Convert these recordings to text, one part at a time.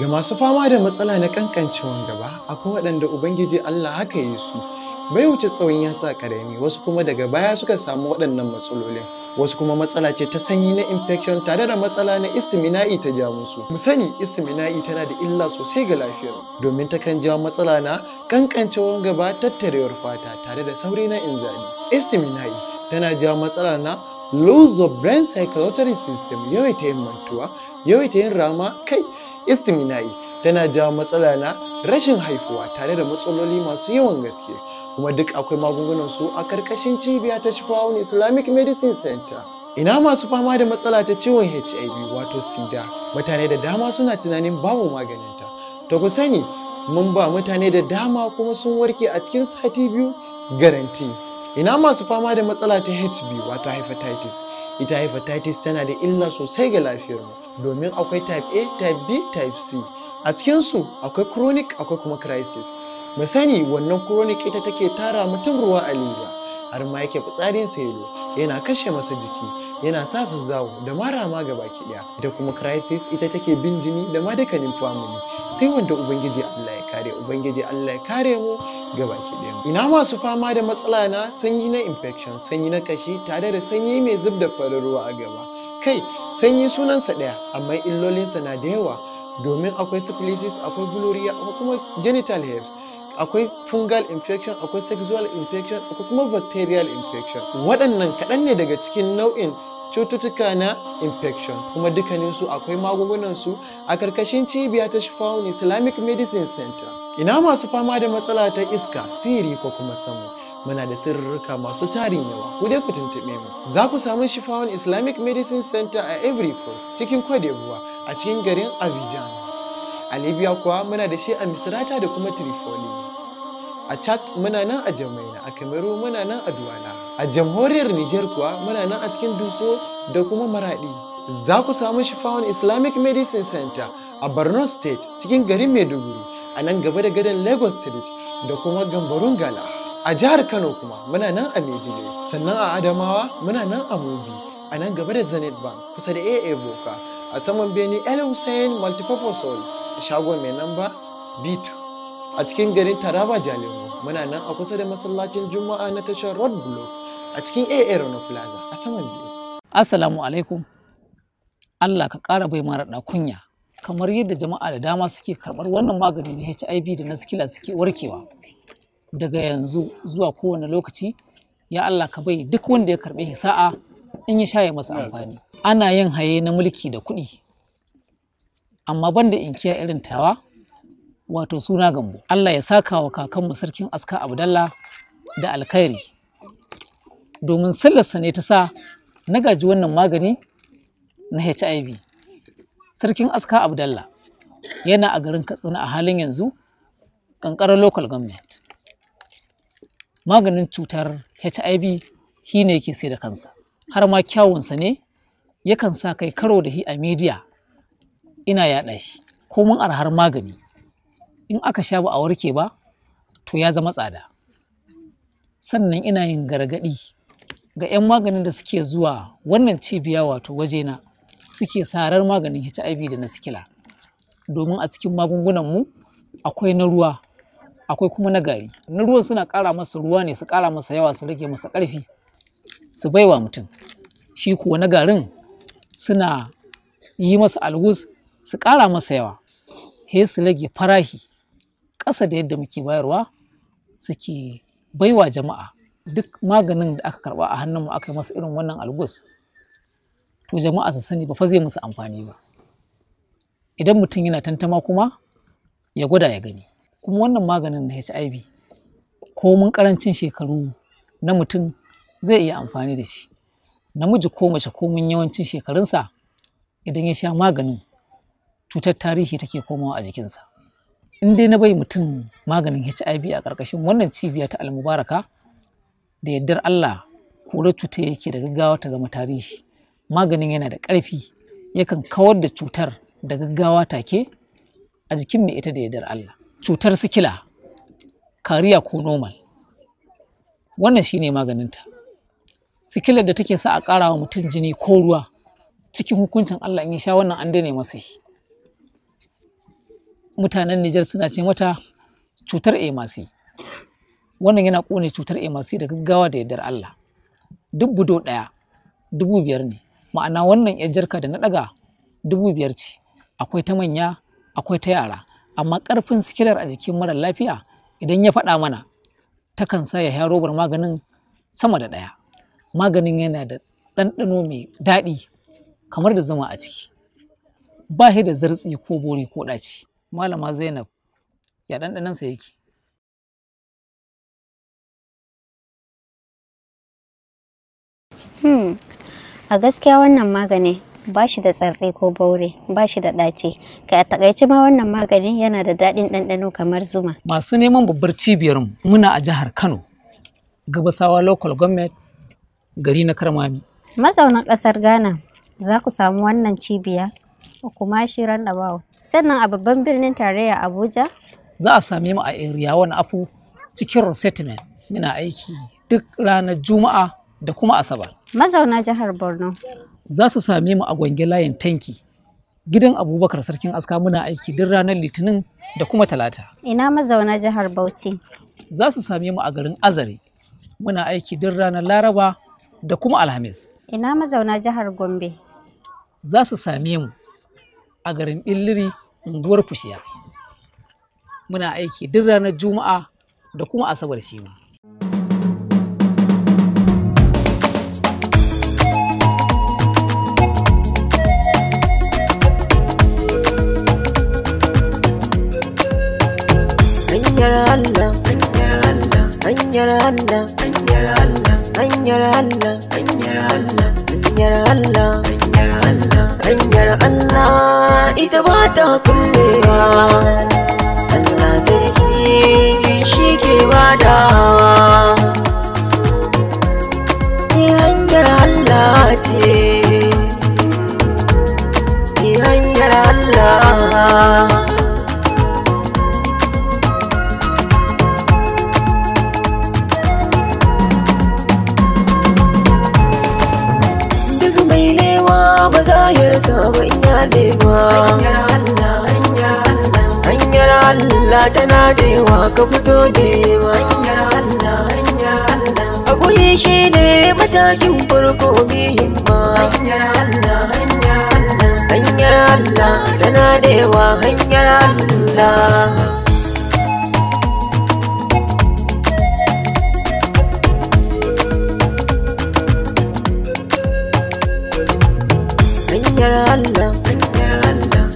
Ga masu fama da matsala na kankancewan gaba, akwai waɗanda Ubangiji Allah haka yi su. Bai wuce tsawon ya sa ƙarami, wasu kuma daga baya suka samu waɗannan matsalolin. Wasu kuma matsala ce ta sanyi na infection tare da matsala na istimina'i ta ja musu. Mu sani istimina'i tana da illa sosai ga lafiyar domin ta kan jawo matsala na kankancewan gaba tattarewar fata tare da sauri na inzali. Istimina'i tana jawo matsala na loss of brain circulatory system yawaita yin mantuwa yawaita yin rama kai istimina'i tana jawo matsala na rashin haifuwa tare da matsaloli masu yawan gaske kuma duk akwai magungunan su a karkashin cibiya ta Shifawun Islamic Medicine Center. Ina masu fama da matsala ta ciwon HIV wato sida mutane da dama suna tunanin babu maganinta. To ku sani mun ba mutane da dama kuma sun warke a cikin sati biyu garanti. ina masu fama da matsala ta hb wato hepatitis ita hepatitis tana da illa sosai ga lafiyarmu domin akwai type a type b type c a cikin su akwai chronic akwai kuma crisis mu sani wannan chronic ita take tara mutum ruwa a leba har ma yake fitsarin selo, yana kashe masa jiki yana sa su zawo da mara ma gaba ki daya da kuma crisis ita take bin jini da ma dukkanin family sai wanda ubangiji Allah ya kare ubangiji Allah ya kare mu gaba ki daya ina masu fama da matsala na sanyi na infection sanyi na kashi tare da sanyi mai zub da farin ruwa a gaba kai sanyi sunansa daya amma illolinsa na da yawa domin akwai syphilis akwai gonorrhea akwai kuma genital herpes akwai fungal infection akwai sexual infection akwai kuma bacterial infection waɗannan kaɗan ne daga cikin nau'in cututtuka na infection kuma su akwai magungunan su a karkashin cibiya ta Shifawan Islamic Medicine Center. Ina masu fama da matsala ta iska, sihiri ko kuma samu. Muna da sirrika masu tarin yawa, ku dai ku tuntuɓe mu. Za ku samu shifawun Islamic Medicine Center a Every Coast cikin Cote a cikin garin Abidjan. A Libya kuwa muna da shi a Misrata da kuma trifoli a chad muna nan a jamaina a cameroon muna nan a duwala a jamhuriyar niger kuwa muna nan a cikin duso da kuma maradi za ku samu shifawan islamic medicine center a borno state cikin garin maiduguri a nan gaba da gadon lagos state da kuma gambarun gala a jihar kano kuma muna nan a Maiduguri. sannan a adamawa muna nan a mobi a nan gaba da zenith bank kusa da aa boka a saman beni el hussein multipurpose hall shagon mai namba b2 a cikin garin taraba jalingo muna nan a kusa da masallacin juma'a na tashar road block a cikin aa rano plaza a saman biyu assalamu alaikum allah ka ƙara bai mara da kunya kamar yadda jama'a da dama suke karɓar wannan magani na hiv da na sikila suke warkewa daga yanzu zuwa kowane lokaci ya allah ka bai duk wanda ya karɓi sa'a in ya sha ya masa amfani ana yin haye na mulki da kuɗi amma banda inkiya irin tawa wato suna gambo Allah ya saka wa kakanmu sarkin aska abdallah da alkhairi domin sallarsa ne ta sa na gaji wannan magani na hiv sarkin aska abdallah yana a garin katsina a halin yanzu kankarar local government maganin cutar hiv shi ne yake sai da kansa har ma kyawunsa ne yakan sa kai karo da hi a media ina yaɗa shi komin arhar magani in aka sha ba a warke ba to ya zama tsada sannan ina yin gargaɗi ga 'yan maganin da suke zuwa wannan cibiya wato wajena suke sarar maganin hiv da na sikila domin a cikin magungunan mu akwai na ruwa akwai kuma na gari na ruwan suna kara masa ruwa ne su ƙara masa yawa su rage masa ƙarfi su baiwa mutum shi kuwa na garin suna yi masa algus su ƙara masa yawa he su rage farahi ƙasa da yadda muke bayarwa suke baiwa jama'a duk maganin da aka karɓa a hannunmu aka yi masa irin wannan algus to jama'a su sani ba fa zai musu amfani ba idan mutum yana tantama kuma ya gwada ya gani kuma wannan maganin na HIV ko mun karancin shekaru na mutum zai iya amfani da shi namiji ko mace ko mun yawancin shekarunsa idan ya sha maganin cutar tarihi take komawa a jikinsa in dai na bai mutum maganin HIV a ƙarƙashin wannan cibiya ta almubaraka da yardar Allah kura cuta yake da gaggawa ta zama tarihi maganin yana da ƙarfi yakan kawar da cutar da gaggawa take a jikin mai ita da yardar Allah cutar sikila kariya ko normal wannan shine maganinta sikilar da take sa a ƙara wa mutum jini ko ruwa cikin hukuncin Allah in ya sha wannan an daina masa shi mutanen Nijar suna ce mata cutar emasi wannan yana ƙone cutar emasi da gaggawa da yardar Allah duk budo ɗaya dubu biyar ne ma'ana wannan yar jarka da na ɗaga dubu biyar ce akwai ta manya akwai ta yara amma ƙarfin sikilar a jikin mara lafiya idan ya faɗa mana takan sa ya robar maganin sama da ɗaya maganin yana da ɗanɗano mai daɗi kamar da zama a ciki ba shi da zartsi ko bori ko ɗaci malama zainab ya ɗanɗanansa yake hmm. a gaskiya wannan magani ba shi da tsartse ko baure ba shi da ɗace kai a takaice ma wannan maganin yana da daɗin ɗanɗano kamar zuma masu neman babbar cibiyar muna a jihar kano gabasawa local government gari na karmami mazaunan ƙasar ghana za ku samu wannan cibiya kuma shi bawo. sannan a babban birnin tarayya abuja za a same mu a area wani afu cikin resettlement muna aiki duk ranar juma'a da kuma asabar mazauna jihar borno za su same mu a gwange layin tanki gidan abubakar sarkin aska muna aiki duk ranar litinin da kuma talata ina mazauna jihar bauchi za su same mu a garin azare muna aiki duk ranar laraba da kuma alhamis ina mazauna jihar gombe za su same mu a garin Billiri unguwar Fushiya. Muna aiki duk ranar Juma'a da kuma Asabar shi ma. Hanyar Allah, hanyar Allah, hanyar Allah, hanyar Allah, hanyar Allah, hanyar Allah, hanyar Allah, hanyar Allah, hanyar Allah. Allah ita ba ta kullewa Allah sarki shi ke badawa ni hanyar Allah ce ni hanyar Allah hanyar sabon yabe ba hanyar Allah tana da yawa ka fito da yawa a kuri shi ne matakin farko bihin ma hanyar Allah tana da yawa hanyar Allah hanyar Allah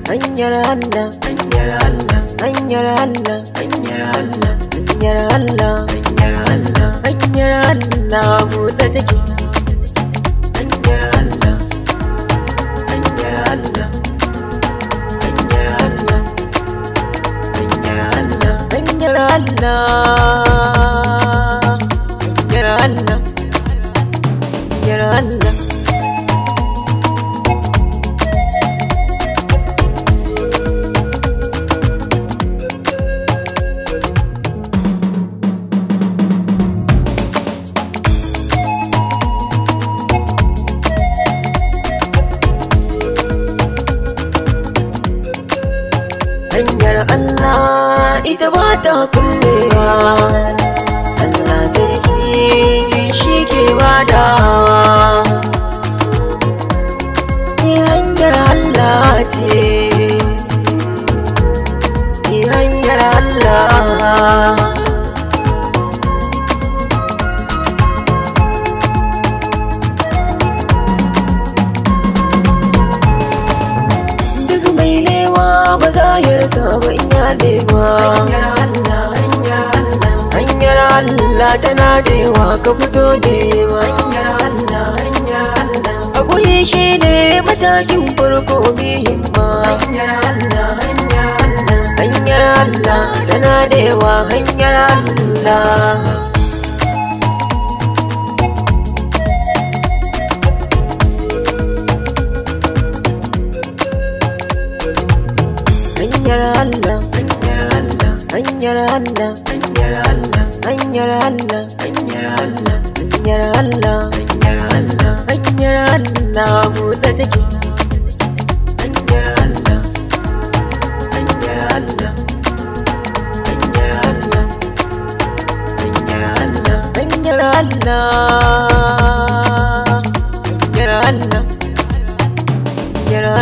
hanyar Allah hanyar Allah hanyar Allah hanyar Allah hanyar Allah hanyar Allah hanyar Allah buɗe take hanyar Allah hanyar Allah hanyar Allah hanyar Allah hanyar Allah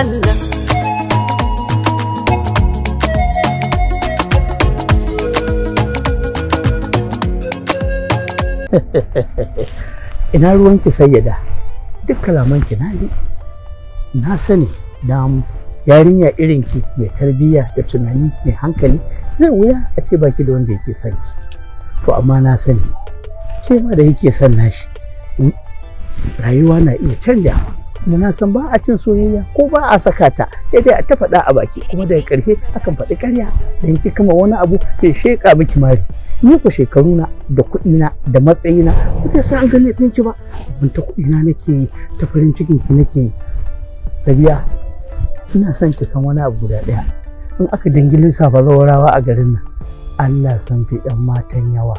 Allah ina ki sayyada duk kalamanki na ji na sani damu yarinya irinki mai tarbiyya da tunani mai hankali zai wuya a ce baki da wanda yake son ki to amma na sani ke ma da yake son nashi hmm, rayuwa na iya canjawa da na san ba a cin soyayya ko ba a saka ta sai dai a ta faɗa a baki kuma daga ƙarshe akan faɗi ƙarya da yanki kama wani abu sai sheƙa miki mari ni ku na da kuɗina da na ku ta san an gane ɗinki ba ban ta kuɗina nake yi ta farin cikin ki nake yi Rabiya ina son ki san wani abu guda ɗaya in aka dangi lissafa rawa a garin nan Allah san fi 'yan matan yawa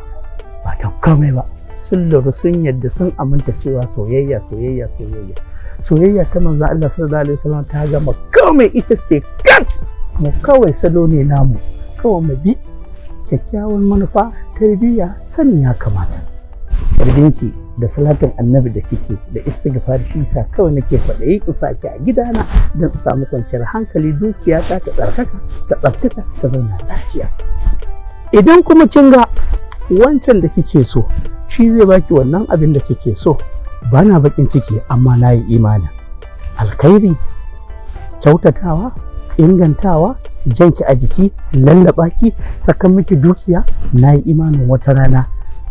ba don komai ba sun lura sun yadda sun aminta cewa soyayya soyayya soyayya soyayya ta manzo Allah sallallahu alaihi wasallam ta gama kawai ita ce kan mu kawai salo ne namu kawai mu bi kyakkyawan manufa tarbiyya san ya kamata tarbinki da salatin annabi da kike da istighfar shi sa kawai nake yi in saki a gidana don ku samu kwanciyar hankali dukiya ta ta tsarkaka ta tsaftata ta zauna lafiya idan kuma kin ga wancan da kike so shi zai baki wannan abin da kike so ba na baƙin ciki amma na yi imanin alkhairi kyautatawa ingantawa janki a jiki lallaba ki sakan miki dukiya na yi imanin wata rana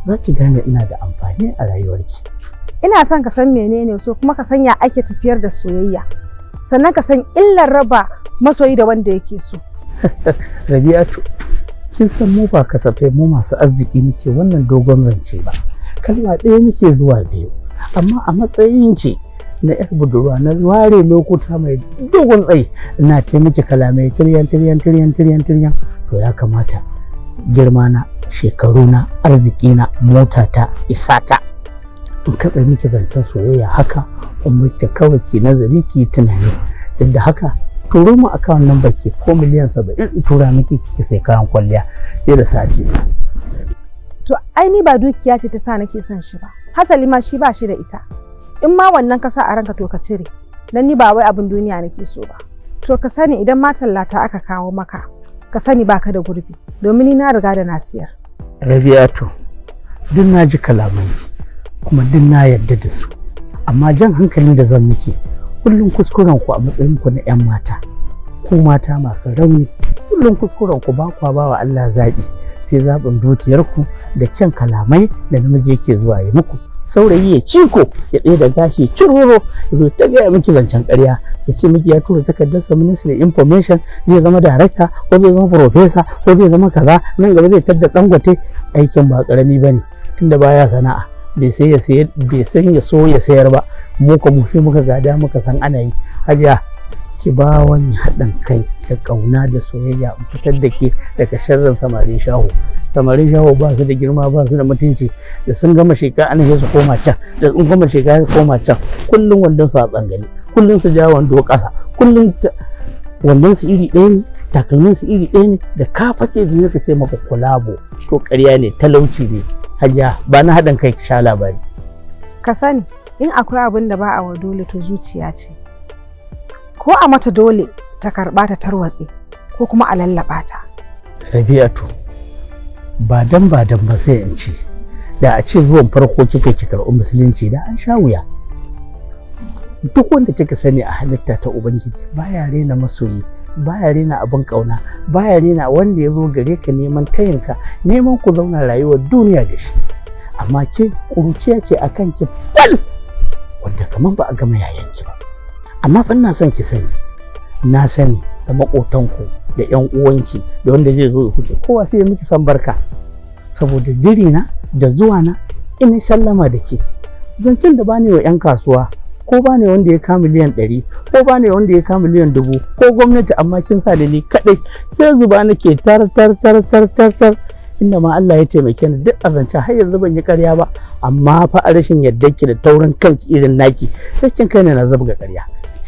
za ki gane ina da amfani a rayuwarki ina son ka san menene so kuma ka sanya ake tafiyar da soyayya sannan ka san illar raba masoyi da wanda yake so rabi'atu kin san mu ba kasafai mu masu arziki muke wannan dogon rance ba kalma ɗaya muke zuwa biyu amma a matsayin ki na yar budurwa na ware lokuta mai dogon tsayi ina ta miki kalamai tiryan tiryan tiryan tiryan tiryan to ya kamata girma na shekaru na arziki na mota ta isa ta in ka tsaye miki zancen soyayya haka in miki kawai ki nazari ki tunani duk da haka turo mu akawun nan baki ko miliyan saba'in in tura miki ki sai kayan kwalliya da sati to ai ni ba dukiya ce ta sa nake son shi ba hasali ma shi ba shi da ita in ma wannan kasa sa a ranka to ka cire dan ni ba wai abin duniya nake so ba to ka sani idan ma tallata aka kawo maka ka sani baka da gurbi domin ni na riga da na siyar rabi'atu duk na ji kalamai kuma duk na yarda da su amma jan hankalin da zan miki kullum kuskuren ku a matsayin ku na 'yan mata ku mata masu rauni kullun kuskuren ku ba kwa ba wa Allah zaɓi sai zaɓin zuciyarku da kyan kalamai da namiji yake zuwa ya muku saurayi ya ciko ya tsaye da gashi ciroro ya zo ta gaya miki zancen ƙarya ya ce miki ya tura takardar sa ministry information zai zama director ko zai zama professor ko zai zama kaza nan gaba zai tadda dangote aikin ba karami bane tunda baya sana'a bai sai ya bai san ya so ya sayar ba mu ka mu muka gada muka san ana yi hajiya ki ba wani haɗin kai da ƙauna da soyayya in fitar da ke daga sharrin samarin shaho samarin shaho ba su da girma ba su da mutunci da sun gama shekara an su koma can da sun gama shekara su koma can kullum wandon su a tsangani kullum su ja wando ƙasa kullum wandon su iri ɗaya ne takalmin su iri ɗaya ne da ka fake da zaka ce maka kulabo ko ƙarya ne talauci ne hajiya ba na haɗin kai ki sha labari ka sani in akwai abin da ba a wa dole to zuciya ce ko a mata dole ta karɓa ta tarwatse ko kuma a lallaɓa ta. Rabi'atu ba dan ba dan ba sai in da a ce zuwan farko kike ki karɓi musulunci da an sha wuya. Duk wanda kika sani a halitta ta Ubangiji baya rena masoyi baya rena abin kauna baya rena wanda ya zo gare ka neman tayinka neman ku zauna rayuwar duniya da shi amma ke kuruciya ce akan ki wanda kamar ba a gama yayanki ba amma fa ina son ki sani na sani da makotanku da yan uwanki da wanda zai zo ya huce kowa sai ya miki san barka saboda dirina da zuwa na ina sallama da ke zancen da bani wa yan kasuwa ko bani wanda ya kama miliyan ɗari ko bani wanda ya kama miliyan dubu ko gwamnati amma kin sa da ni kaɗai sai zuba nake tar tar tar tar tar tar inda ma Allah ya taimake ni duk azance har yanzu ban yi ƙarya ba amma fa a rashin yardar ki da taurin kanki irin naki sai kin kai ne na zabga ƙarya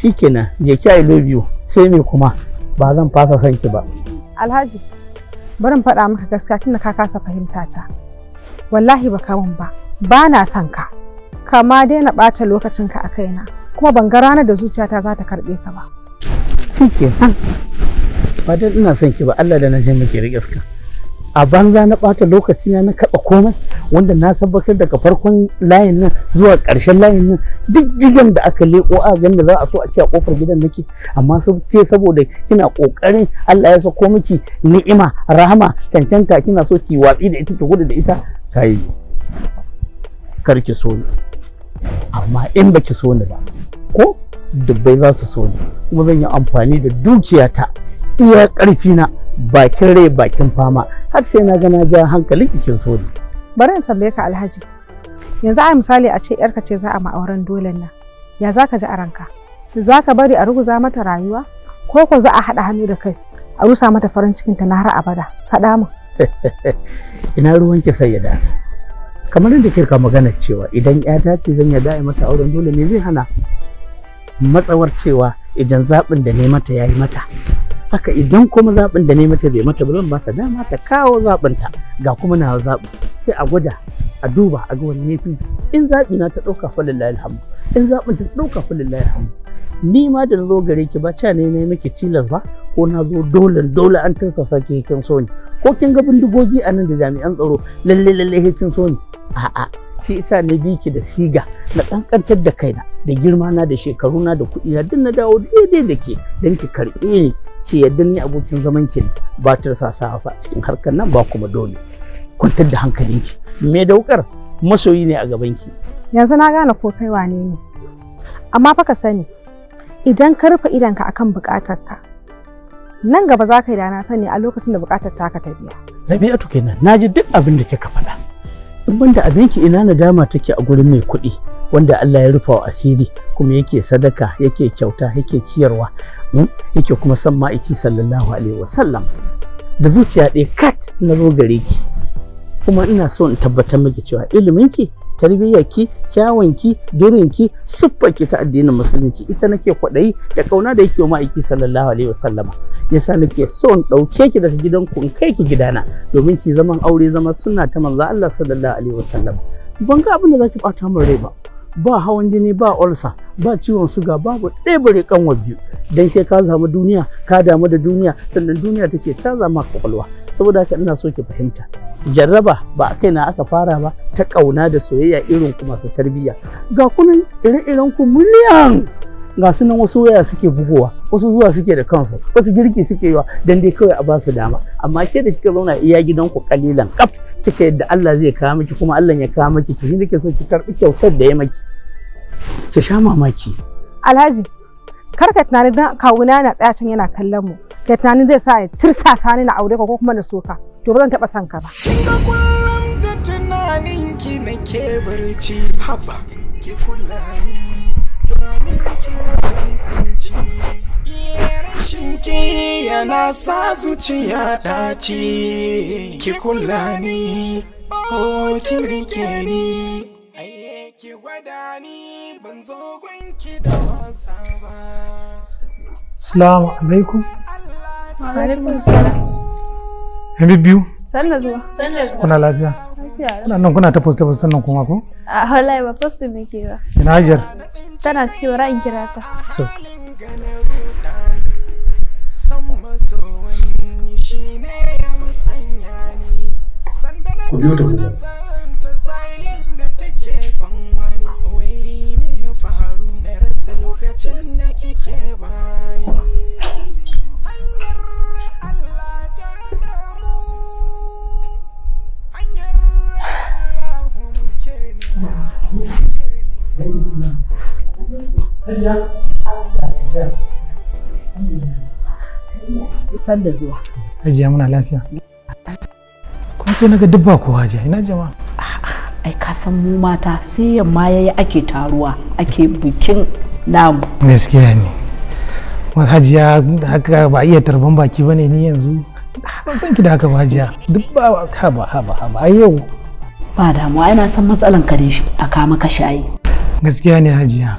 shikenan jeki ki I love you sai me kuma ba zan fasa son ki ba Alhaji barin faɗa maka gaskiya tunda ka kasa fahimta ta wallahi ba kamun ba ba na son ka kama daina ɓata lokacin ka a na, kuma ban ga ranar da zuciyata za ta karɓe ka ba shikenan ba dan ina son ki ba Allah da na je miki riƙe a banza na ɓata lokaci na kaɓa komai wanda na sabbatar daga farkon layin nan zuwa ƙarshen layin nan duk gidan da aka leƙo a ganin za a so a ce a ƙofar gidan nake amma ke saboda kina ƙoƙarin Allah ya sako miki ni'ima rahama cancanta kina so ki watsi da ita ki gudu da ita kai kar so ni amma in baki so ni ba ko dubbai za su so ni kuma zan yi amfani da dukiyata iya ƙarfina. na bakin rai bakin fama har sai na gana ja hankalin cikin so bari in tambaye ka alhaji yanzu a misali a ce yarka ce za a ma'auren dole nan ya za ka ji a ranka za ka bari a ruguza mata rayuwa ko ko za a haɗa hannu da kai a rusa mata farin cikin ta na har abada faɗa mu ina ruwan ki sai yada kamar yadda ka magana cewa idan ta ce zan yarda a mata auren dole me zai hana matsawar cewa idan zaɓin da ne mata ya yi mata haka idan kuma zaɓin da ne mata bai mata ba ba ta dama ta kawo zaɓinta ga kuma na zaɓi sai a gwada a duba a ga wani fi in zaɓi na ta ɗauka falillahi alhamdu in zaɓin ta ɗauka falillahi alhamdu ni ma da na zo gare ki ba ca ne ne miki tilas ba ko na zo dole dole an tarsasa sake kin so ko kin ga bindigogi a nan da jami'an tsaro lalle lalle kin so a'a shi isa na bi ki da siga na kankantar da kaina da girma na da shekaru na da kuɗi na na dawo daidai da ke don ki karɓe ni ki yadda ni abokin zaman ki ba ta sasa fa cikin harkar nan ba kuma dole kwantar da hankalinki me daukar masoyi ne a gaban ki yanzu na gane ko kai wane ne amma fa ka sani idan ka rufe idanka akan bukatar ka nan gaba za ka yi dana sani a lokacin da bukatar ta ka ta biya rabi'atu kenan naji duk abin da kika faɗa in banda abinki ina nadama take a gurin mai kuɗi wanda Allah ya rufa wa asiri kuma yake sadaka yake kyauta yake ciyarwa hmm, yake kuma san ma'aiki sallallahu alaihi wasallam da zuciya ɗaya kat na zo gare ki kuma ina so in tabbatar miki cewa iliminki tarbiyyarki kyawunki durinki siffarki ta addinin musulunci ita nake kwaɗayi da ƙauna da yake wa ma'aiki sallallahu alaihi wasallama yasa nake so in ɗauke ki daga ku in kai ki gidana domin ki zaman aure zama sunna ta manzo Allah sallallahu alaihi ban ga abin da zaki bata min rai ba ba hawan jini ba ulsa ba ciwon suga babu bare kan biyu dan sai ka zama duniya ka damu da duniya sannan duniya take caza ma kwakwalwa saboda haka ina so ki fahimta jarraba ba a kaina aka fara ba ta kauna da soyayya irin ku masu tarbiyya ga kunan ire-iren ku miliyan ga su nan wasu waya suke bugowa wasu zuwa suke da kansu wasu girki suke yiwa dan dai kawai a ba su dama amma ke da kika zauna iya gidan ku kalilan kaf kika yadda Allah zai kawo miki kuma Allah ya kawo miki da nake so ki karbi kyautar da ya maki ki sha mamaki alhaji kar ka tunani dan kawuna yana tsaya can yana kallon mu da tunanin zai sa ya tirsasa sani na aure ka ko kuma na soka to ba zan taba san ka ba kinga kullum da tunanin ki nake barci haba ki kula ni rashin ki yana sa zuciya daci ki kula ni oh ki rike ni Aye eh. gwada ni ban zo gwanki da wasa ba. Salamu alaikum. alaikum salam. Yan biyu. Sanna zuwa. Sanna zuwa. Kuna lafiya? Kuna nan kuna ta posta posta kuma ko? A wallahi ba posta ne ke ba. Ina Hajar. Tana cikin bara in kira ta. So. Ku biyo da san da zuwa hajiya muna lafiya kuma sai naga duk ba kowa hajiya ina jama'a ai ka san mu mata sai yamma yayi ake taruwa ake bikin namu gaskiya ne wasu hajiya haka ba iya tarban baki ba ne ni yanzu ban san ki da haka ba hajiya duk ba ka ba ha ba ha ba yau ba damuwa ina san matsalan ka da shi a kama ka shayi gaskiya ne hajiya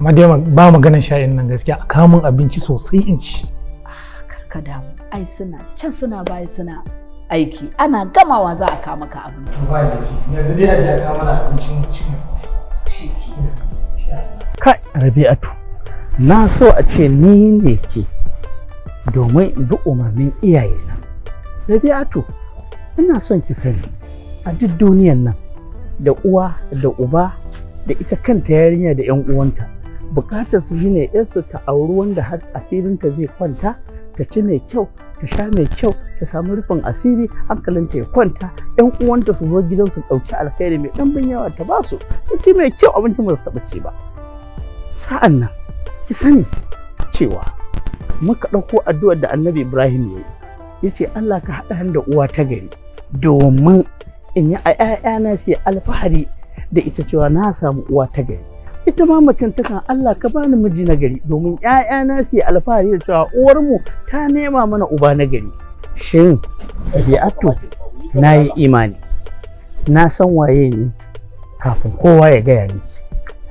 amma dai ba maganan sha'in nan gaskiya a kamun abinci sosai in ci ah, ka damu ai suna can suna baya suna aiki ana gamawa za a kama ka abu. yanzu dai a ji a kama na abincin cin kai rabi'atu na so a ce ni ne ke domin in bi umarnin iyaye na rabi'atu ina son ki sani a duk duniyan nan da uwa da uba da ita kanta yarinya da 'yan uwanta bukatar su shine yarsu ta auri wanda har asirinta zai kwanta ta ci mai kyau ta sha mai kyau ta samu rufin asiri hankalin ta ya kwanta yan uwanta su zo gidan su ɗauki alkhairi mai bin yawa ta ba su ci mai kyau abinci ba su taɓa ci ba sa'an nan ki sani cewa muka ɗauko addu'ar da annabi ibrahim ya yi ya allah ka haɗa da uwa ta gari domin in yi a 'ya'yana su alfahari da ita cewa na samu uwa ta gari ita ma macen kan Allah ka bani miji na gari domin ‘ya'yana su yi alfahari da cewa mu ta nema mana uba na gari shin ɗabi'atu na yi imani na san waye ni kafin kowa ya gaya miki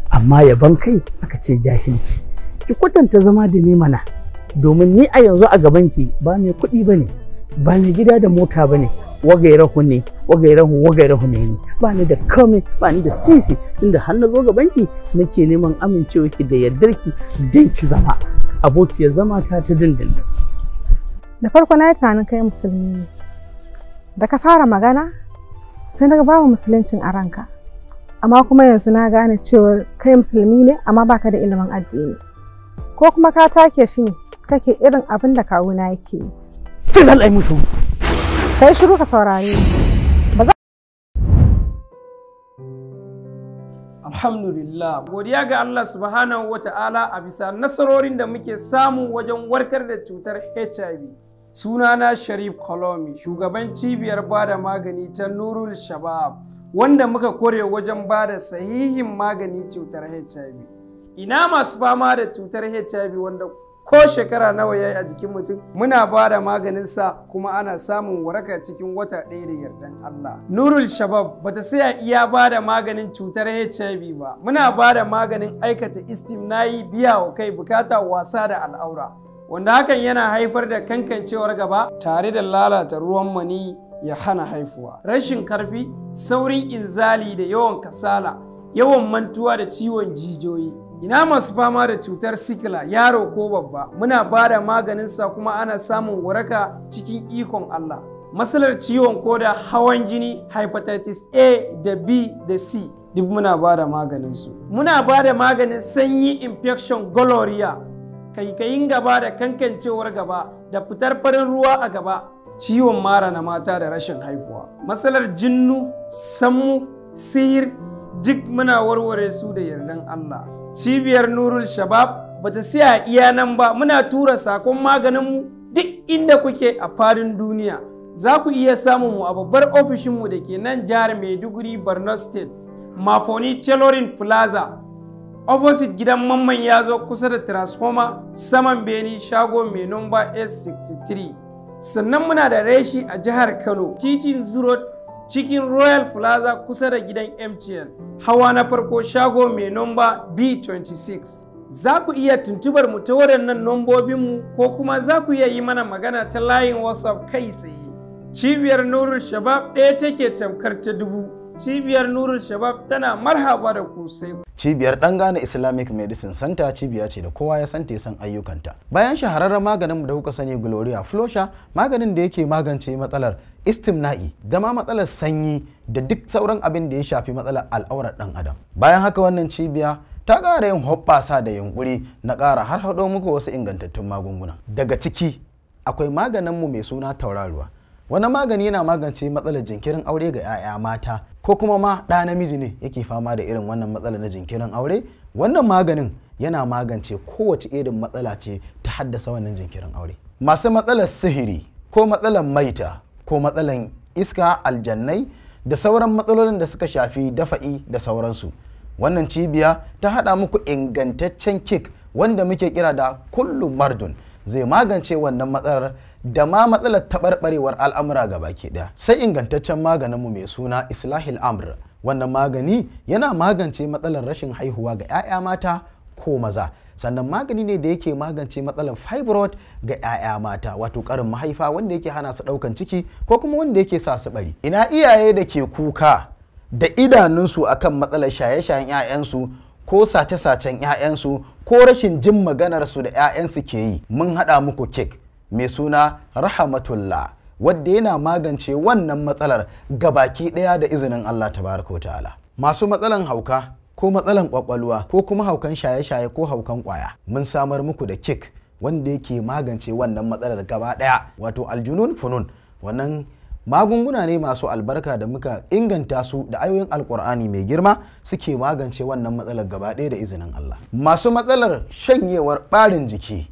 amma yaban kai aka ce jahilci ki kwatanta zama da ni mana domin ni a yanzu a gabanki ba mai kuɗi ba ne ba ni gida da mota ba ne wagairahu ne wagairahu wagairahu ne ne ba ni da komai ba ni da sisi inda har na zo ga banki nake neman amincewa ki da yardarki don ki zama abokiyar zama ta ta dindin da farko na yi tunanin kai musulmi ne da ka fara magana sai na bawa musuluncin a ranka amma kuma yanzu na gane cewa kai musulmi ne amma baka da ilimin addini ko kuma ka take shi kake irin abin da kawuna yake yi kin lalai musu kai shiru ka saurare Alhamdulillah godiya ga Allah subhanahu wa ta'ala a bisa nasarorin da muke samu wajen warkar da cutar HIV. Sunana Sharif Kolomi, shugaban cibiyar bada magani ta Nurul Shabab, wanda muka kore wajen bada sahihin magani cutar HIV. Ina masu fama da cutar HIV wanda ko shekara nawa ya yi a jikin mutum muna ba da sa kuma ana samun waraka cikin wata ɗaya da yardan Allah. Nurul Shabab bata saya iya ba da maganin cutar HIV ba muna ba da maganin aikata istimnayi biya wa kai bukata wasa da al'aura wanda hakan yana haifar da kankancewar gaba tare da lalata ruwan mani ya hana haifuwa. Rashin karfi, saurin inzali da yawan kasala, yawan mantuwa da ciwon jijiyoyi. ina masu fama da cutar sikila yaro ko babba muna ba da maganinsa kuma ana samun waraka cikin ikon Allah matsalar ciwon koda hawan jini hepatitis A da B da C duk muna ba da maganinsu muna ba da maganin sanyi infection gonorrhea kaikayin gaba da kankancewar gaba da fitar farin ruwa a gaba ciwon mara na mata da rashin haihuwa matsalar jinnu sammu sihir duk muna warware su da yardan Allah cibiyar nurul shabab bata siya iya nan ba muna tura sakon maganinmu duk inda kuke a fadin duniya za ku iya samun mu a babbar ofishinmu da ke nan jihar maiduguri borno state mafoni tailoring plaza opposite gidan mamman ya zo kusa da transformer saman beni shago mai nomba S63. sannan muna da reshi a jihar kano titin zurot cikin royal plaza kusa da gidan mtn hawa na farko shago mai nomba b26 za ku iya tuntubar mu ta waɗannan mu ko kuma za ku iya yi mana magana ta layin whatsapp kai tsaye cibiyar nurul shabab ɗaya take tamkar ta dubu cibiyar nurul shabab tana marhaba da ku sai cibiyar ɗan gane islamic medicine center cibiya ce da kowa ya san ta san ayyukanta bayan shahararren maganin da kuka sani gloria flosha maganin da yake magance matsalar istimna'i da ma matsalar sanyi da duk sauran abin da ya shafi matsalar al'aurar dan adam bayan haka wannan cibiya ta ƙara yin hoɓɓasa da yunƙuri na ƙara har haɗo muku wasu ingantattun magunguna daga ciki akwai maganinmu mai suna tauraruwa wani magani yana magance matsalar jinkirin aure ga 'ya'ya mata ko kuma ma ɗa namiji ne yake fama da irin wannan matsala na jinkirin aure wannan maganin yana magance kowace irin matsala ce ta haddasa wannan jinkirin aure masu matsalar sihiri ko matsalar maita ko matsalar iska aljannai da sauran matsalolin da suka shafi dafa'i da sauransu wannan cibiya ta haɗa muku ingantaccen kek wanda muke kira da kullum mardun zai magance wannan matsalar da ma matsalar taɓarɓarewar al'amura ga baki ɗaya sai ingantaccen maganinmu mai suna islahil amr wannan magani yana magance matsalar rashin haihuwa ga 'ya'ya mata ko maza sannan magani ne da yake magance matsalar fibroid ga 'ya'ya mata wato karin mahaifa wanda yake hana su ɗaukan ciki ko kuma wanda yake sa su bari ina iyaye da ke kuka da idanunsu a kan matsalar shaye-shayen 'ya'yansu ko sace-sacen 'ya'yansu ko rashin jin maganarsu da 'ya'yansu ke yi mun haɗa muku kek mai suna rahamatullah wadda yana magance wannan matsalar gabaki daya da izinin Allah tabaraka ta'ala masu matsalan hauka ko matsalan kwakwalwa ko kuma haukan shaye-shaye ko haukan kwaya mun samar muku da kik wanda yake magance wannan matsalar gaba daya wato aljunun funun wannan magunguna ne masu albarka da muka inganta su da ayoyin alkur'ani mai girma suke magance wannan matsalar gaba daya da izinin Allah masu matsalar shanyewar ɓarin jiki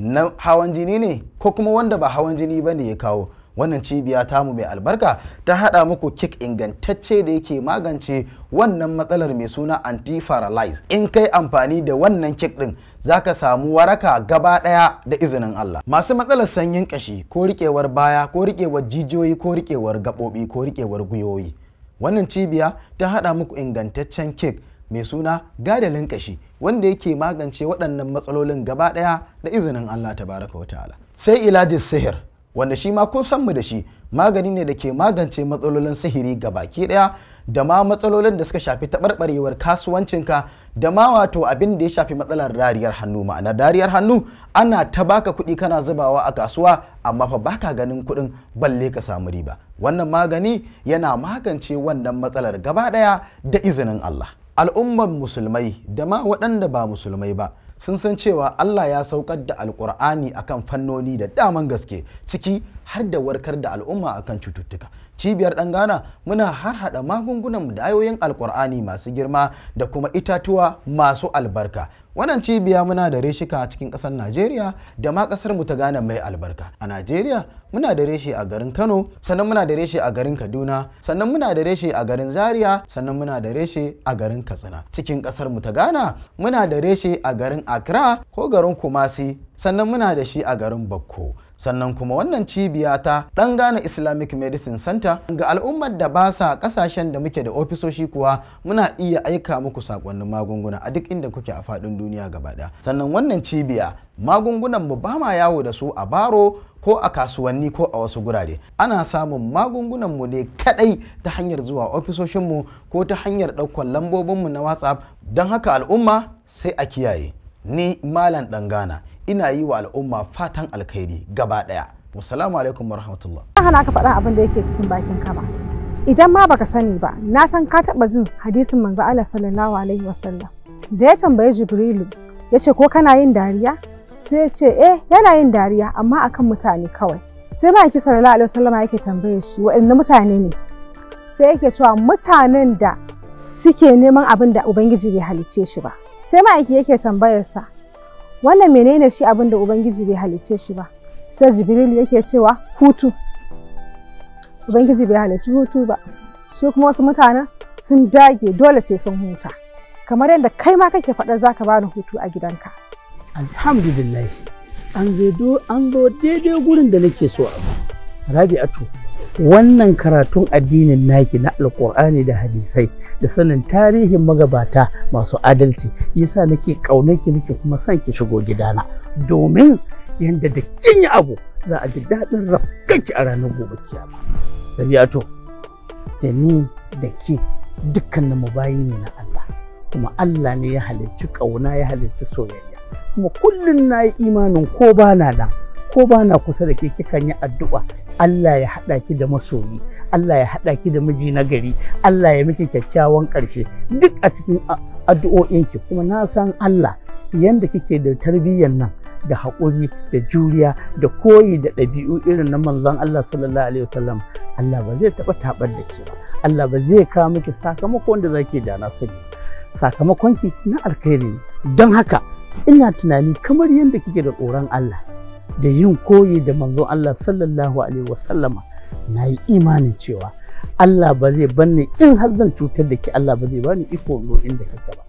na hawan jini ne ko kuma wanda ba hawan jini ba ne ya kawo wannan cibiya tamu mai albarka ta haɗa muku kek ingantacce da yake magance wannan matsalar mai suna anti-paralyze in kai amfani da wannan kek din za ka samu waraka gaba ɗaya da izinin Allah masu matsalar sanyin ƙashi ko riƙewar baya ko riƙewar jijiyoyi ko riƙewar gaɓoɓi ko riƙewar gwiwoyi wannan cibiya ta haɗa muku ingantaccen kek mai suna gadalin kashi wanda yake magance waɗannan matsalolin gaba ɗaya da izinin Allah tabaraka wa ta'ala sai ilajin sihir wanda shi ma kun san mu da shi magani ne da ke magance matsalolin sihiri ga baki ɗaya da ma matsalolin da suka shafi taɓarɓarewar kasuwancinka da ma wato abin da ya shafi matsalar rariyar hannu ma'ana dariyar hannu ana ta baka kuɗi kana zubawa a kasuwa amma fa baka ganin kuɗin balle ka samu riba wannan magani yana magance wannan matsalar gaba ɗaya da izinin Allah al'ummar musulmai da ma waɗanda ba musulmai ba sun san cewa Allah ya saukar da alkur'ani akan fannoni da daman gaske ciki har da warkar da al'umma akan cututtuka cibiyar ɗan Ghana muna har harhaɗa magungunan da ayoyin alkur'ani masu girma da kuma itatuwa masu albarka wannan cibiya muna da reshika a cikin ƙasar najeriya da ma ƙasar mu ta gane mai albarka a najeriya muna da reshe a garin kano sannan muna da reshe a garin kaduna sannan muna da reshe a garin zaria sannan muna da reshe a garin katsina cikin ƙasar mu ta ghana muna da reshe a garin accra ko garin kumasi sannan muna da shi a garin bakko sannan kuma wannan cibiya ta ɗan Ghana Islamic Medicine Center ga al'ummar da ba sa ƙasashen da muke da ofisoshi kuwa muna iya aika muku sakonnin magunguna a duk inda kuke a faɗin duniya gaba ɗaya sannan wannan cibiya magungunan mu ba ma yawo da su a baro ko a kasuwanni ko a wasu gurare ana samun magungunan mu ne kadai ta hanyar zuwa ofisoshin mu ko ta hanyar ɗaukar mu na whatsapp don haka al'umma sai a kiyaye ni malam ɗangana ina yi wa al'umma fatan alkhairi gaba daya wassalamu alaikum warahmatullah hana ka faɗa abin da yake cikin bakin ka ba idan ma baka sani ba na san ka taɓa jin hadisin manzo Allah sallallahu alaihi wasallam da ya tambaye Jibrilu ya ce ko kana yin dariya sai ya ce eh yana yin dariya amma akan mutane kawai sai yake sallallahu alaihi wasallam yake tambaye shi waɗanne mutane ne sai yake cewa mutanen da suke neman abin da ubangiji bai halicce shi ba sai ma'aiki yake tambayarsa wannan menene shi abin da ubangiji bai halicce shi ba sai jibril yake cewa hutu ubangiji bai halicci hutu ba su kuma wasu mutanen sun dage dole sai sun huta kamar yadda kai ma kake faɗa za ka bani hutu a gidanka alhamdulillah an zo daidai gurin da nake so a rabi'atu wannan karatun addinin naki na alkur'ani da hadisai da sanin tarihin magabata masu adalci yasa nake ki nake kuma son ki shigo gidana domin yadda da kin yi abu za a ji daɗin rafkanki a ranar gobe kiyama Rabi'atu da ni da ke dukkanin mu bayi ne na Allah kuma Allah ne ya halicci ƙauna ya halicci soyayya kuma kullum na yi imanin ko ba na nan ko ba na kusa da ke kikan yi addu'a Allah ya haɗa ki da masoyi Allah ya haɗa ki da miji na gari Allah ya miki kyakkyawan ƙarshe duk a cikin addu'o'inki kuma na san Allah yadda kike da tarbiyyar nan da haƙuri da juriya da koyi da ɗabi'u irin na manzon Allah sallallahu alaihi wasallam Allah ba zai taɓa taɓar da ke ba Allah ba zai kawo miki sakamako wanda zaki da na sani sakamakonki na alkhairi don haka ina tunani kamar yadda kike da tsoron Allah da yin koyi da manzon Allah sallallahu alaihi wasallama na yi imanin cewa Allah ba zai banni in har zan cutar da ki Allah ba zai bani iko zo da kake ba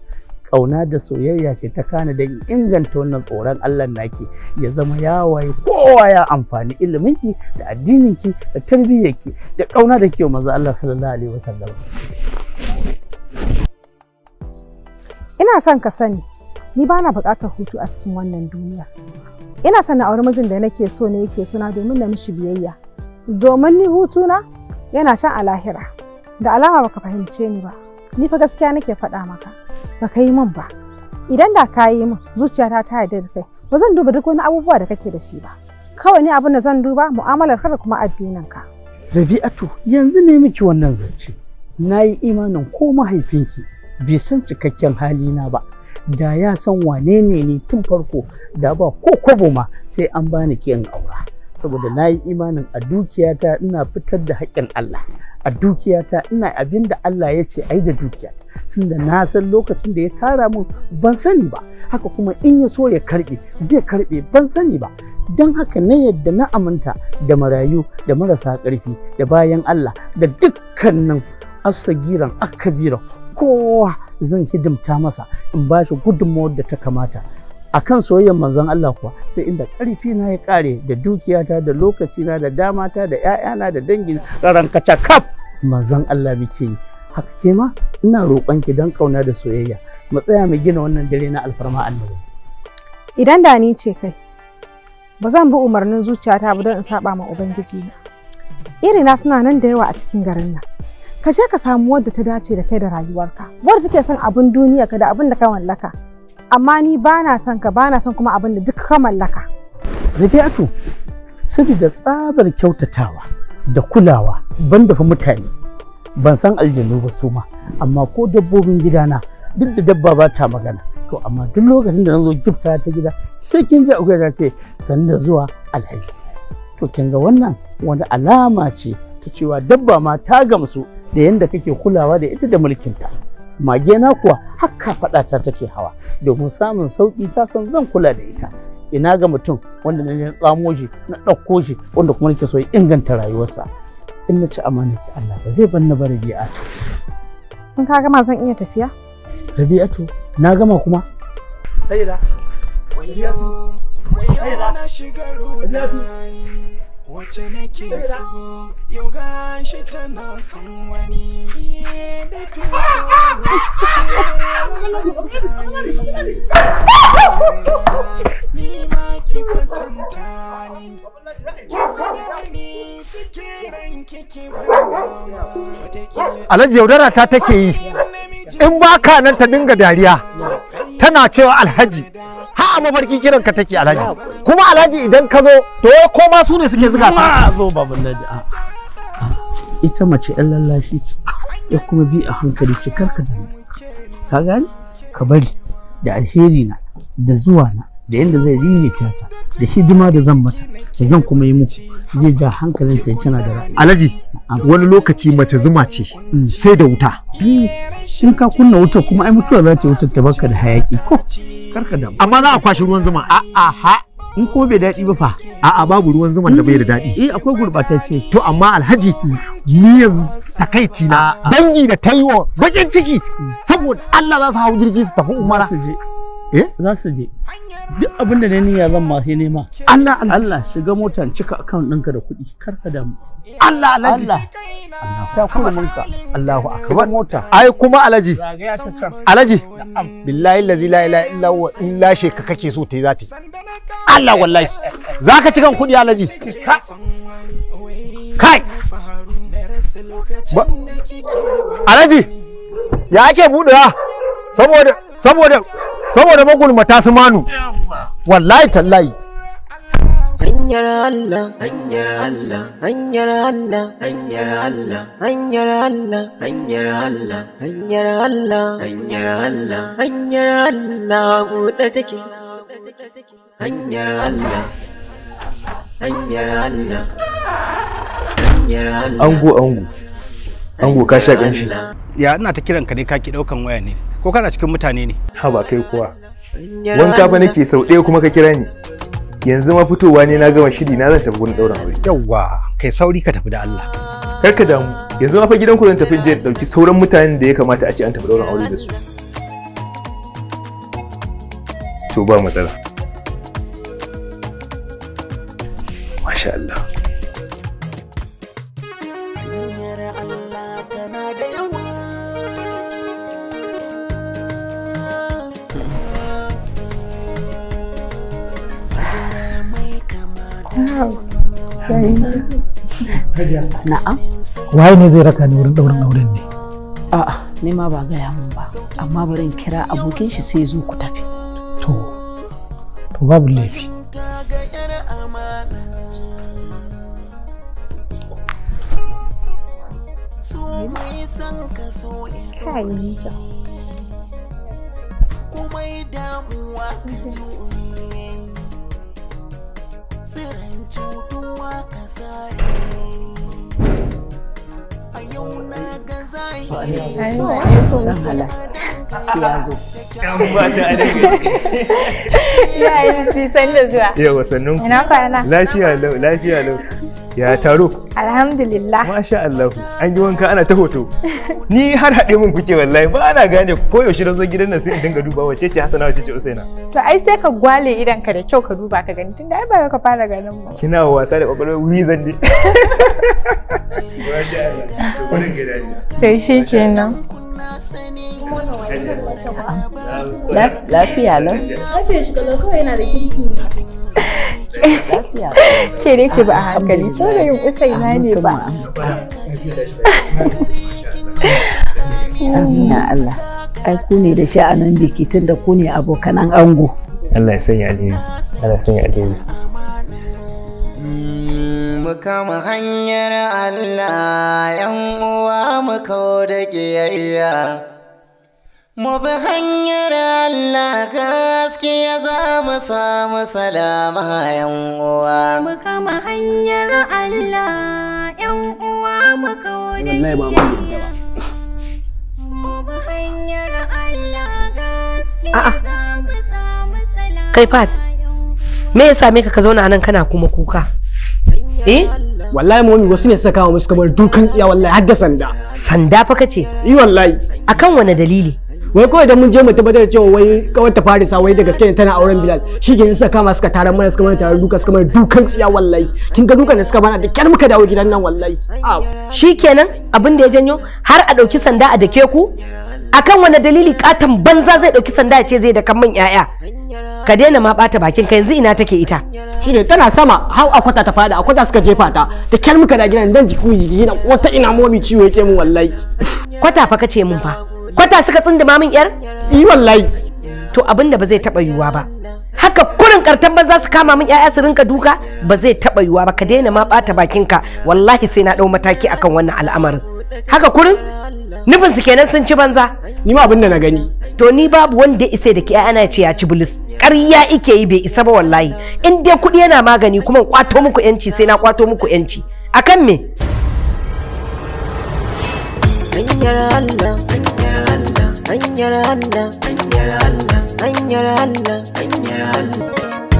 ƙauna da soyayya ce ta kana da inganta wannan tsoron Allah naki ya zama ya waye kowa ya amfani iliminki da addininki da tarbiyyarki da ƙauna da ke manzon Allah sallallahu alaihi wasallam ina son ka sani ni ba na buƙatar hutu a cikin wannan duniya ina son na auri mijin da nake so ne yake suna domin na mishi biyayya domin ni hutuna yana can a lahira da alama baka fahimce ni ba ni fa gaskiya nake faɗa maka baka yi min ba idan da ka yi min zuciyata ta yarda da kai ba zan duba duk wani abubuwa da kake da shi ba kawai ni abin da zan duba mu'amalar ka da kuma addinin ka rabi'atu yanzu ne miki wannan zance na yi imanin ko mahaifinki bai san cikakken halina ba da ya san wane ne ni tun farko da ba ko kwabo ma sai an bani kiyan aura saboda na yi imanin a dukiyata ina fitar da haƙƙin Allah a dukiyata ina abin da Allah ya ce ai da dukiya da na san lokacin da ya tara mun ban sani ba haka kuma in ya so ya karɓe zai karɓe ban sani ba don haka na yadda na aminta da marayu da marasa ƙarfi da bayan Allah da dukkanin asagiran akabiran kowa zan hidimta masa in ba shi gudunmawar da ta kamata A kan soyayyar manzon Allah kuwa sai inda ƙarfi na ya ƙare da dukiyata da lokacina da damata da 'ya'yana da dangin kaca kaf manzon Allah muke yi haka ke ma ina roƙon ki don kauna da soyayya mu tsaya mu gina wannan dare na alfarma annabi idan da ni ce kai ba zan bi umarnin zuciyata ba don in saba ma ubangiji na irina suna nan da yawa a cikin garin nan ka je ka samu wadda ta dace da kai da rayuwarka wadda take son abin duniya ka da abin da ka mallaka amma ni ba na son ka ba na son kuma abin da duk ka mallaka rabi'atu da tsabar kyautatawa da kulawa ban da mutane ban san aljanu ba su ma amma ko dabbobin gidana duk da dabba ba ta magana to amma duk lokacin da na zo gifta ta gida sai kin ji akwai ta ce zuwa alhaji to kin wannan wani alama ce ta cewa dabba ma ta gamsu da yadda kake kulawa da ita da mulkinta na kuwa haka faɗa ta take hawa domin samun sauki ta san zan kula da ita ina ga mutum wanda na tsamo shi na ɗauko shi wanda kuma nake so ya inganta rayuwarsa in na ci amana ki Allah ba zai bar na bar bi'atu Kun ka gama zan iya tafiya rabi'atu na gama kuma Tsaira. wai ya fi wai ya Wace nake so yau gashi tana son wani da fi so ni ma ki kwatanta ni ni cikin ranki ki Alhaji yaudara ta take yi in baka nan ta dinga dariya tana cewa alhaji ha a mafarki kiran ka take alhaji kuma alhaji idan ka zo to ko ma su ne suke zuga ka zo naji ita mace yan lallashi ce ya kuma bi a hankali ce karka da ka gani ka bari da alheri na da zuwa na da yadda zai rile tata da hidima da zan mata da zan kuma yi muku zai ja hankalin ta tana da ra'ayi alhaji wani lokaci mace zuma ce mm. sai da wuta eh, in ka kunna wuta kuma ai mutuwa za ta wuta ta baka da hayaki ko karka da amma za a kwashi ruwan zuma a a ha in ko bai daɗi ba fa a a babu ruwan zuma da bai da daɗi eh akwai gurbatacce to amma alhaji ni yanzu takaici na dangi da taiwo bakin ciki saboda Allah za su hau jirgi su tafi umara eh za su je duk abin da na niyya zan ma sai nema Allah Allah shiga motan cika account ɗinka da kuɗi karka damu Allah alaji ta kuma mulka Allahu akbar mota ai kuma alaji alaji billahi allazi la ilaha illa huwa illa shi ka kake so ta yi zata Allah wallahi zaka ci kan kudi alaji kai alaji ya ake budewa saboda saboda saboda magulmata su manu wallahi tallahi hanyar Allah hanyar Allah hanyar Allah hanyar Allah hanyar Allah hanyar Allah hanyar Allah hanyar Allah hanyar Allah buɗe take hanyar Allah hanyar Allah hanyar Allah ango ango ango ka sha kanshi ya ina ta kiran ka ne ka ki daukan waya ne ko kana cikin mutane ne ha ba kai kuwa wanka ba nake sau ɗaya kuma ka kira ni yanzu ma fitowa ne na gama shiri na zan tafi gurin ɗaurin aure yawwa kai sauri ka tafi da Allah kar ka damu yanzu ma fa gidan ku zan tafi je ɗauki sauran mutanen da ya kamata a ce an tafi ɗaurin aure da su to ba matsala masha Allah Na'am. Waye ne zai raka ni wurin ɗaurin auren ne? A'a, ni ma ba gaya mun ba, amma bari in kira abokin shi sai zo ku tafi. To, to babu laifi. Kai ne Kuma ka cutun waka a yau na ga zai shi ya zo yan mata a daga ya su san da zuwa ina kwana lafiya lau lafiya lau ya taro alhamdulillah masha Allah an yi wanka ana ta hoto ni har haɗe mun kuke wallahi ba ana gane ko yaushe na zo gidan nan sai in dinga duba wace ce Hasana wace ce Usaina to ai sai ka gwale idan ka da kyau ka duba ka gani tunda ai ba ka fara ganin mu kina wasa da kwakwalwar reason ne masha to shi kenan lafiya lau lafiya shiga lau kawai yana da kirki ke ne ke ba a hankali saurayin na ne ba amina Allah ai ku ne da sha'anin biki tun da ku ne abokanan ango Allah ya sanya alheri Allah ya sanya alheri mu kama hanyar Allah yan uwa mu kawo da kiyayya Mu bi hanyar Allah gaskiya za mu samu salama yan uwa. Mu kama hanyar Allah yan uwa mu kawo da Mu bi hanyar Allah gaskiya za mu samu salama Kai Fat, me ya same ka ka zauna nan kana kuma kuka? Eh? wallahi mami wasu ne suka kawo musu kamar dukan tsiya wallahi har da sanda sanda fa kace yi eh, wallahi akan wane dalili wai kawai da mun je mu tabbatar cewa wai kawai ta farisa wai da gaske tana auren bilal shi ke suka kama suka tara mana suka mana tare duka suka mana dukan tsiya wallahi kin ga dukan da suka mana da kyar muka dawo gidan nan wallahi shi kenan abin da ya janyo har a ɗauki sanda a dake ku akan wani dalili katon banza zai ɗauki sanda ya ce zai da kan min yaya ka daina ma bata bakin ka yanzu ina take ita shine tana sama hau akwata ta fada akwata suka jefa ta da kyar muka da gidan dan jiki jiki na wata ina momi ciwo yake mun wallahi kwata fa kace mun fa kwata suka tsinda min yar yi wallahi to abin da ba zai taba yiwuwa ba haka kurin kartan za su kama min yaya su rinka duka ba zai taba yiwuwa ba ka daina ma bata bakinka wallahi sai na dau mataki akan wannan al'amarin haka kurin nufin su kenan sun ci banza ni ma abin na gani to ni babu wanda isa da ki ana ce ya ci bulis ƙarya ike yi bai isa ba wallahi in dai kuɗi yana magani kuma kwato muku yanci sai na kwato muku yanci akan me Allah hanyar Allah hanyar Allah hanyar Allah hanyar Allah